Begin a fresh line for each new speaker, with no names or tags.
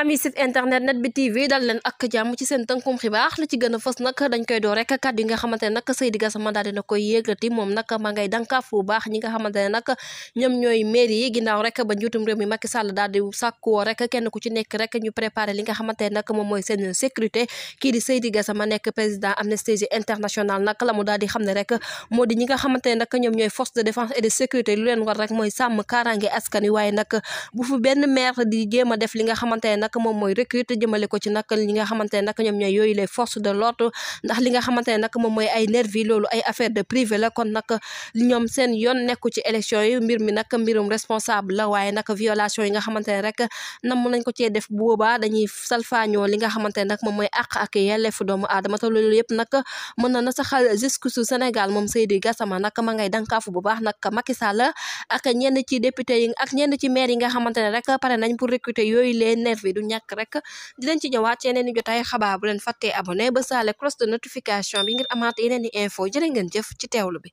ami site internet net bi tv dal leen ak jàmm ci seen tënkum xibaar la ci gën a fës dañ koy door rek kàddu nga xamante ne Seydi Gassama daal koy yëglati moom nag ma ngay dànkaafu bu ñi nga xamante ne ñoom ñooy maire ba njuutum réew mi Macky Sall daal di li nga xamante ne nag moom mooy seen sécurité la mu daal di de défense et de sécurité lu leen war rek mooy sàmm kaaraange askan wi waaye nag bu benn maire di jéem a def li nga xamante ne nag moom mooy recrute jëmale ko ci nag li nga xamante ne nag ñoom ñooy yooyu les forces de l'ordre ndax li nga xamante ne nag moom mooy ay nervi loolu ay affaire de privé la kon nag ñoom seen yoon nekku ci élection yi mbir mi nag mbirum responsable la waaye nag violation yi nga xamante rek nam mooy àq ak yelleefu doomu aadama te loolu yëpp nag mën na saxal jusque su Sénégal moom Seydi Gassama nag ma ngay dankaafu bu baax nag Macky Sall ak ñenn ci député yi ak ñenn ci maire yi nga xamante rek pare nañ pour recruter du ñàkk rek dinañ ci ñëwaat yeneen i jotaay xabaar bu leen fàttee abonné ba saale cloche de notification bi ngir amaat yeneen i info jërë ngeen jëf ci teewlu bi